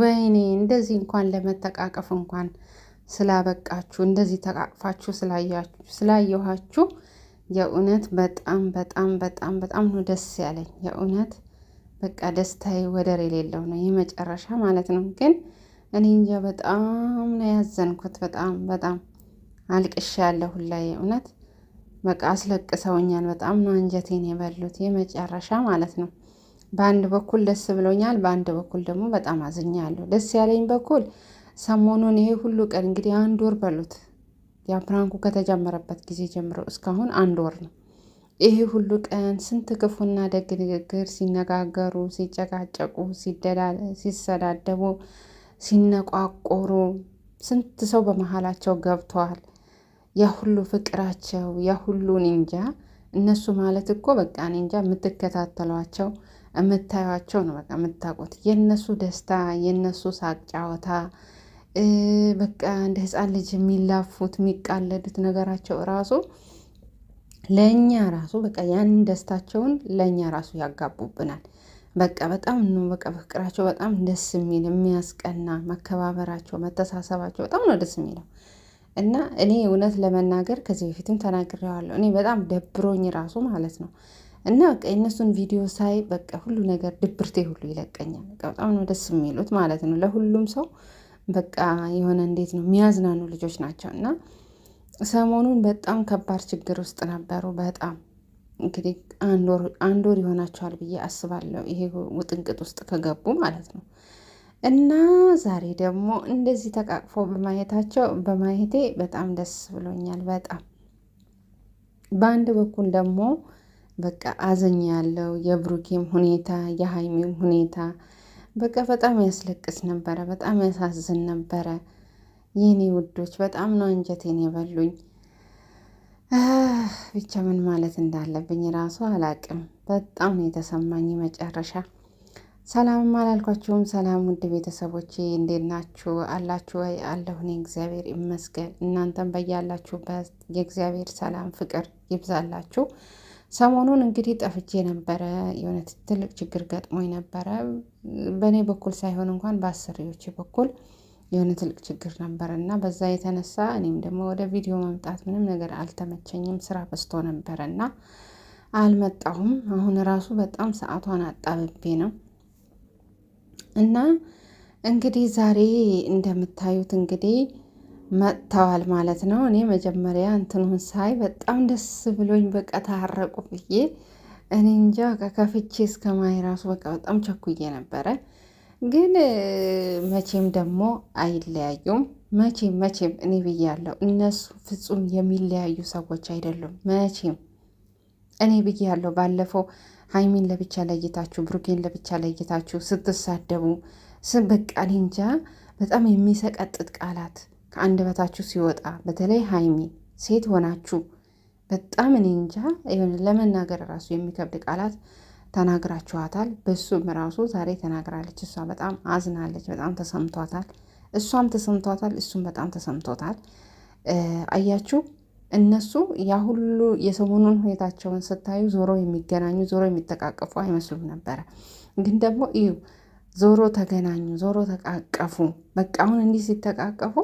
ወይኔ እንደዚህ እንኳን ለመተቃቀፍ እንኳን ስላበቃችሁ እንደዚህ ተቃቅፋችሁ ስላየኋችሁ የእውነት በጣም በጣም በጣም በጣም ነው ደስ ያለኝ። የእውነት በቃ ደስታዬ ወደር የሌለው ነው ይህ መጨረሻ ማለት ነው። ግን እኔ እንጃ በጣም ነው ያዘንኩት። በጣም በጣም አልቅሻ ያለሁ ሁላ የእውነት በቃ አስለቅሰውኛል። በጣም ነው አንጀቴን የበሉት ይህ መጨረሻ ማለት ነው። በአንድ በኩል ደስ ብሎኛል፣ በአንድ በኩል ደግሞ በጣም አዝኛለሁ። ደስ ያለኝ በኩል ሰሞኑን ይሄ ሁሉ ቀን እንግዲህ አንድ ወር በሉት ያ ፕራንኩ ከተጀመረበት ጊዜ ጀምሮ እስካሁን አንድ ወር ነው። ይሄ ሁሉ ቀን ስንት ክፉና ደግ ንግግር ሲነጋገሩ፣ ሲጨቃጨቁ፣ ሲሰዳደቡ፣ ሲነቋቆሩ ስንት ሰው በመሀላቸው ገብተዋል። ያ ሁሉ ፍቅራቸው ያ ሁሉ እንጃ እነሱ ማለት እኮ በቃ እንጃ የምትከታተሏቸው የምታዩቸው ነው በቃ የምታውቁት የነሱ ደስታ የነሱ ሳቅ ጫወታ በቃ እንደ ህፃን ልጅ የሚላፉት የሚቃለዱት ነገራቸው ራሱ ለእኛ ራሱ በቃ ያንን ደስታቸውን ለእኛ ራሱ ያጋቡብናል። በቃ በጣም ነው በቃ በፍቅራቸው በጣም ደስ የሚል የሚያስቀና መከባበራቸው፣ መተሳሰባቸው በጣም ነው ደስ የሚለው እና እኔ እውነት ለመናገር ከዚህ በፊትም ተናግሬዋለሁ እኔ በጣም ደብሮኝ ራሱ ማለት ነው እና በቃ የእነሱን ቪዲዮ ሳይ በቃ ሁሉ ነገር ድብርቴ ሁሉ ይለቀኛል። በጣም ነው ደስ የሚሉት ማለት ነው። ለሁሉም ሰው በቃ የሆነ እንዴት ነው የሚያዝናኑ ልጆች ናቸው። እና ሰሞኑን በጣም ከባድ ችግር ውስጥ ነበሩ። በጣም እንግዲህ አንድ ወር ይሆናቸዋል ብዬ አስባለሁ፣ ይሄ ውጥንቅጥ ውስጥ ከገቡ ማለት ነው። እና ዛሬ ደግሞ እንደዚህ ተቃቅፎ በማየታቸው በማየቴ በጣም ደስ ብሎኛል። በጣም በአንድ በኩል ደግሞ በቃ አዘኝ ያለው የብሩኬም ሁኔታ የሀይሚም ሁኔታ በቃ በጣም ያስለቅስ ነበረ። በጣም ያሳዝን ነበረ። የኔ ውዶች በጣም ነው አንጀቴን የበሉኝ። ብቻ ምን ማለት እንዳለብኝ ራሱ አላቅም። በጣም ነው የተሰማኝ መጨረሻ። ሰላምም አላልኳችሁም። ሰላም ውድ ቤተሰቦቼ እንዴት ናችሁ? አላችሁ ወይ? አለሁ እኔ እግዚአብሔር ይመስገን። እናንተም በያላችሁበት የእግዚአብሔር ሰላም ፍቅር ይብዛላችሁ። ሰሞኑን እንግዲህ ጠፍቼ ነበረ። የሆነ ትልቅ ችግር ገጥሞኝ ነበረ። በእኔ በኩል ሳይሆን እንኳን በአሰሪዎቼ በኩል የሆነ ትልቅ ችግር ነበር እና በዛ የተነሳ እኔም ደግሞ ወደ ቪዲዮ መምጣት ምንም ነገር አልተመቸኝም። ስራ በዝቶ ነበረ እና አልመጣሁም። አሁን ራሱ በጣም ሰዓቷን አጣብቤ ነው እና እንግዲህ ዛሬ እንደምታዩት እንግዲህ መጥተዋል ማለት ነው። እኔ መጀመሪያ እንትኑን ሳይ በጣም ደስ ብሎኝ በቃ ታረቁ ብዬ እኔ እንጃ ከፍቼ እስከ ማይ ራሱ በቃ በጣም ቸኩዬ ነበረ። ግን መቼም ደግሞ አይለያዩም። መቼም መቼም እኔ ብያለሁ፣ እነሱ ፍጹም የሚለያዩ ሰዎች አይደሉም። መቼም እኔ ብያለሁ። ባለፈው ሀይሚን ለብቻ ለይታችሁ፣ ብሩኬን ለብቻ ለይታችሁ ስትሳደቡ በቃ እኔ እንጃ በጣም የሚሰቀጥጥ ቃላት ከአንደበታችሁ ሲወጣ በተለይ ሀይሚ ሴት ሆናችሁ በጣም እኔ እንጃ ለመናገር ራሱ የሚከብድ ቃላት ተናግራችኋታል። በሱም ራሱ ዛሬ ተናግራለች። እሷ በጣም አዝናለች። በጣም ተሰምቷታል። እሷም ተሰምቷታል። እሱም በጣም ተሰምቶታል። አያችሁ እነሱ ያ ሁሉ የሰሞኑን ሁኔታቸውን ስታዩ ዞሮ የሚገናኙ ዞሮ የሚጠቃቀፉ አይመስሉም ነበረ። ግን ደግሞ እዩ ዞሮ ተገናኙ፣ ዞሮ ተቃቀፉ። በቃ አሁን እንዲህ ሲተቃቀፉ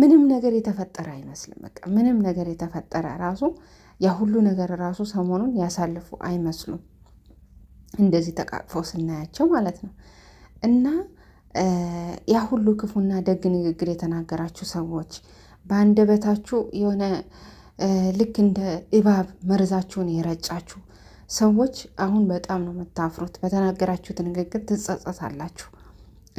ምንም ነገር የተፈጠረ አይመስልም። በቃ ምንም ነገር የተፈጠረ ራሱ ያ ሁሉ ነገር ራሱ ሰሞኑን ያሳልፉ አይመስሉም። እንደዚህ ተቃቅፈው ስናያቸው ማለት ነው እና ያ ሁሉ ክፉና ደግ ንግግር የተናገራችሁ ሰዎች በአንደበታችሁ የሆነ ልክ እንደ እባብ መርዛችሁን የረጫችሁ ሰዎች አሁን በጣም ነው የምታፍሩት። በተናገራችሁት ንግግር ትጸጸታላችሁ።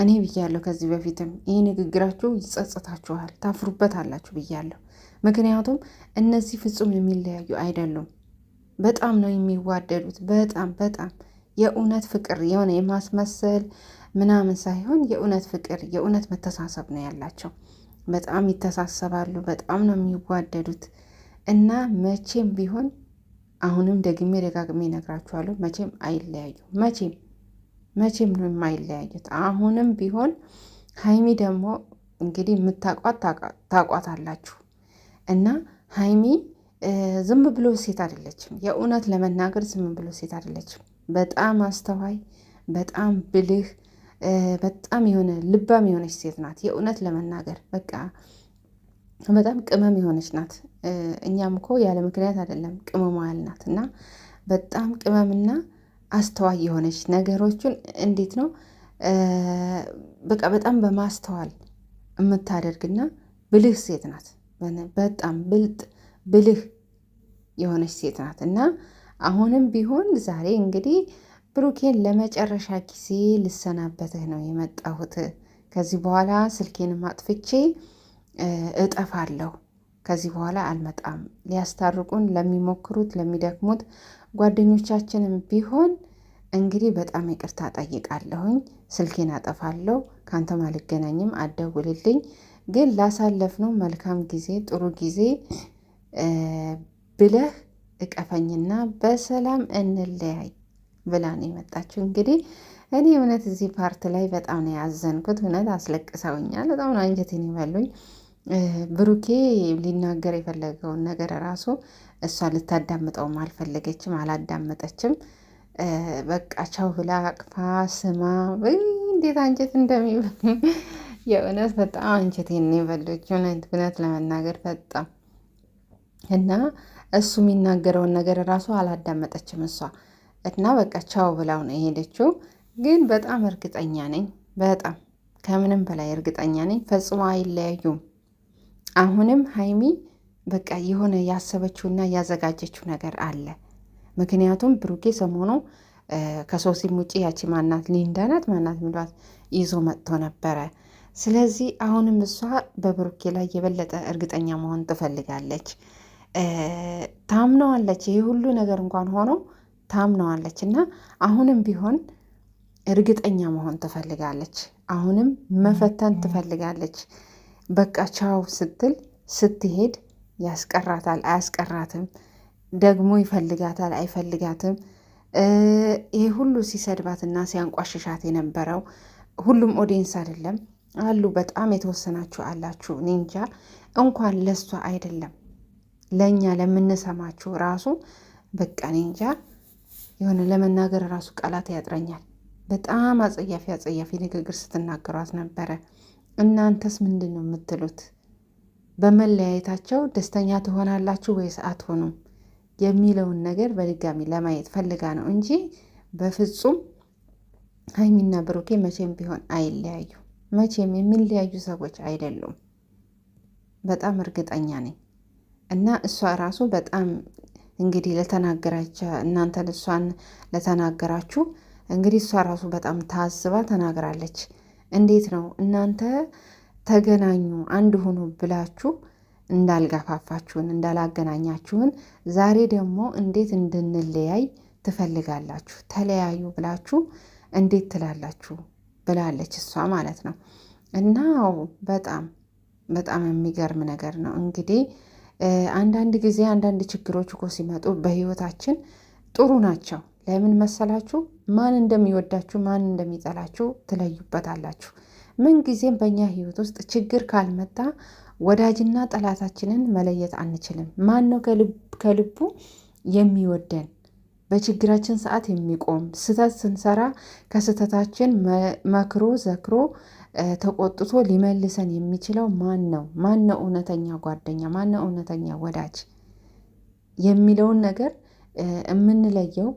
እኔ ብያለሁ ከዚህ በፊትም ይህ ንግግራችሁ ይጸጽታችኋል፣ ታፍሩበት አላችሁ ብያለሁ። ምክንያቱም እነዚህ ፍጹም የሚለያዩ አይደሉም። በጣም ነው የሚዋደዱት። በጣም በጣም የእውነት ፍቅር የሆነ የማስመሰል ምናምን ሳይሆን የእውነት ፍቅር የእውነት መተሳሰብ ነው ያላቸው። በጣም ይተሳሰባሉ። በጣም ነው የሚዋደዱት እና መቼም ቢሆን አሁንም ደግሜ ደጋግሜ እነግራችኋለሁ፣ መቼም አይለያዩ መቼም መቼም ነው የማይለያዩት። አሁንም ቢሆን ሀይሚ ደግሞ እንግዲህ የምታቋት ታቋት አላችሁ እና ሀይሚ ዝም ብሎ ሴት አይደለችም። የእውነት ለመናገር ዝም ብሎ ሴት አይደለችም። በጣም አስተዋይ፣ በጣም ብልህ፣ በጣም የሆነ ልባም የሆነች ሴት ናት። የእውነት ለመናገር በቃ በጣም ቅመም የሆነች ናት። እኛም እኮ ያለ ምክንያት አይደለም ቅመሟ ያልናት እና በጣም ቅመምና አስተዋይ የሆነች ነገሮቹን እንዴት ነው በቃ በጣም በማስተዋል የምታደርግና ብልህ ሴት ናት። በጣም ብልጥ ብልህ የሆነች ሴት ናት እና አሁንም ቢሆን ዛሬ እንግዲህ ብሩኬን ለመጨረሻ ጊዜ ልሰናበትህ ነው የመጣሁት። ከዚህ በኋላ ስልኬን ማጥፍቼ እጠፋለሁ። ከዚህ በኋላ አልመጣም። ሊያስታርቁን ለሚሞክሩት ለሚደክሙት ጓደኞቻችንም ቢሆን እንግዲህ በጣም ይቅርታ ጠይቃለሁኝ። ስልኬን አጠፋለሁ። ካንተም አልገናኝም፣ አደውልልኝ፣ ግን ላሳለፍነው መልካም ጊዜ፣ ጥሩ ጊዜ ብለህ እቀፈኝና በሰላም እንለያይ ብላ ነው የመጣችው። እንግዲህ እኔ እውነት እዚህ ፓርት ላይ በጣም ነው ያዘንኩት። እውነት አስለቅሰውኛል። በጣም ነው አንጀቴን ይበሉኝ። ብሩኬ ሊናገር የፈለገውን ነገር ራሱ እሷ ልታዳምጠውም አልፈለገችም፣ አላዳመጠችም። በቃ ቻው ብላ አቅፋ ስማ። እንዴት አንጀት እንደሚበል የእውነት በጣም አንጀቴን የበለች እውነት ለመናገር በጣም እና እሱ የሚናገረውን ነገር ራሱ አላዳመጠችም እሷ እና በቃ ቻው ብላው ነው የሄደችው። ግን በጣም እርግጠኛ ነኝ፣ በጣም ከምንም በላይ እርግጠኛ ነኝ ፈጽሞ አይለያዩም። አሁንም ሀይሚ በቃ የሆነ ያሰበችውና ያዘጋጀችው ነገር አለ። ምክንያቱም ብሩኬ ሰሞኑ ከሶሲም ውጭ ያቺ ማናት ሊንዳ ናት ማናት ሚሏት ይዞ መጥቶ ነበረ። ስለዚህ አሁንም እሷ በብሩኬ ላይ የበለጠ እርግጠኛ መሆን ትፈልጋለች። ታምነዋለች። ይህ ሁሉ ነገር እንኳን ሆኖ ታምነዋለች እና አሁንም ቢሆን እርግጠኛ መሆን ትፈልጋለች። አሁንም መፈተን ትፈልጋለች። በቃ ቻው ስትል ስትሄድ ያስቀራታል፣ አያስቀራትም፣ ደግሞ ይፈልጋታል፣ አይፈልጋትም። ይህ ሁሉ ሲሰድባትና ሲያንቋሽሻት የነበረው ሁሉም ኦዲየንስ አይደለም አሉ፣ በጣም የተወሰናችሁ አላችሁ። እኔ እንኳን ለሷ አይደለም ለእኛ ለምንሰማችሁ ራሱ በቃ ኒንጃ የሆነ ለመናገር ራሱ ቃላት ያጥረኛል። በጣም አጸያፊ አጸያፊ ንግግር ስትናገሯት ነበረ። እናንተስ ምንድን ነው የምትሉት? በመለያየታቸው ደስተኛ ትሆናላችሁ ወይስ አትሆኑም የሚለውን ነገር በድጋሚ ለማየት ፈልጋ ነው እንጂ በፍጹም ሀይሚና ብሩኬ መቼም ቢሆን አይለያዩ። መቼም የሚለያዩ ሰዎች አይደሉም። በጣም እርግጠኛ ነኝ። እና እሷ ራሱ በጣም እንግዲህ ለተናገራቸ እናንተ እሷን ለተናገራችሁ እንግዲህ እሷ ራሱ በጣም ታዝባ ተናግራለች። እንዴት ነው እናንተ ተገናኙ አንድ ሁኑ ብላችሁ እንዳልጋፋፋችሁን እንዳላገናኛችሁን፣ ዛሬ ደግሞ እንዴት እንድንለያይ ትፈልጋላችሁ? ተለያዩ ብላችሁ እንዴት ትላላችሁ? ብላለች እሷ ማለት ነው። እና በጣም በጣም የሚገርም ነገር ነው። እንግዲህ አንዳንድ ጊዜ አንዳንድ ችግሮች እኮ ሲመጡ በህይወታችን ጥሩ ናቸው ለምን መሰላችሁ? ማን እንደሚወዳችሁ ማን እንደሚጠላችሁ ትለዩበታላችሁ። ምንጊዜም በእኛ ህይወት ውስጥ ችግር ካልመጣ ወዳጅና ጠላታችንን መለየት አንችልም። ማን ነው ከልቡ የሚወደን በችግራችን ሰዓት የሚቆም ስህተት ስንሰራ ከስህተታችን መክሮ ዘክሮ ተቆጥቶ ሊመልሰን የሚችለው ማን ነው? ማን ነው እውነተኛ ጓደኛ? ማን ነው እውነተኛ ወዳጅ የሚለውን ነገር የምንለየው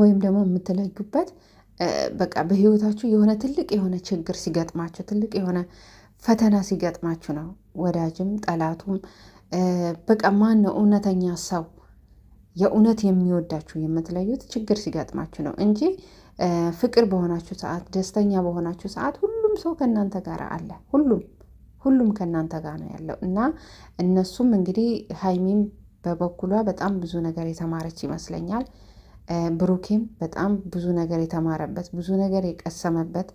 ወይም ደግሞ የምትለዩበት በቃ በህይወታችሁ የሆነ ትልቅ የሆነ ችግር ሲገጥማችሁ ትልቅ የሆነ ፈተና ሲገጥማችሁ ነው። ወዳጅም ጠላቱም በቃ ማን ነው እውነተኛ ሰው የእውነት የሚወዳችሁ የምትለዩት ችግር ሲገጥማችሁ ነው እንጂ ፍቅር በሆናችሁ ሰዓት፣ ደስተኛ በሆናችሁ ሰዓት ሁሉም ሰው ከእናንተ ጋር አለ። ሁሉም ሁሉም ከእናንተ ጋር ነው ያለው እና እነሱም እንግዲህ ሀይሚም በበኩሏ በጣም ብዙ ነገር የተማረች ይመስለኛል። ብሩኬም በጣም ብዙ ነገር የተማረበት ብዙ ነገር የቀሰመበት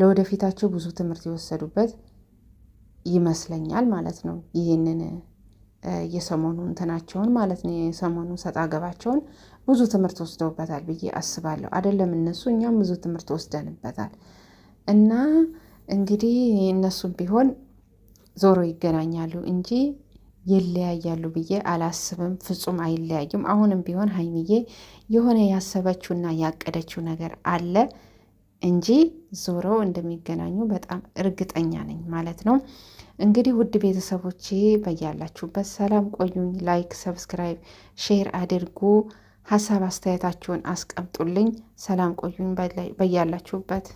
ለወደፊታቸው ብዙ ትምህርት የወሰዱበት ይመስለኛል ማለት ነው። ይህንን የሰሞኑ እንትናቸውን ማለት ነው የሰሞኑ ሰጣ ገባቸውን ብዙ ትምህርት ወስደውበታል ብዬ አስባለሁ። አይደለም እነሱ እኛም ብዙ ትምህርት ወስደንበታል እና እንግዲህ እነሱም ቢሆን ዞሮ ይገናኛሉ እንጂ ይለያያሉ ብዬ አላስብም። ፍጹም አይለያዩም። አሁንም ቢሆን ሀይሚዬ የሆነ ያሰበችውና ያቀደችው ነገር አለ እንጂ ዞረው እንደሚገናኙ በጣም እርግጠኛ ነኝ ማለት ነው። እንግዲህ ውድ ቤተሰቦቼ በያላችሁበት ሰላም ቆዩኝ። ላይክ፣ ሰብስክራይብ፣ ሼር አድርጉ። ሀሳብ አስተያየታችሁን አስቀምጡልኝ። ሰላም ቆዩኝ በያላችሁበት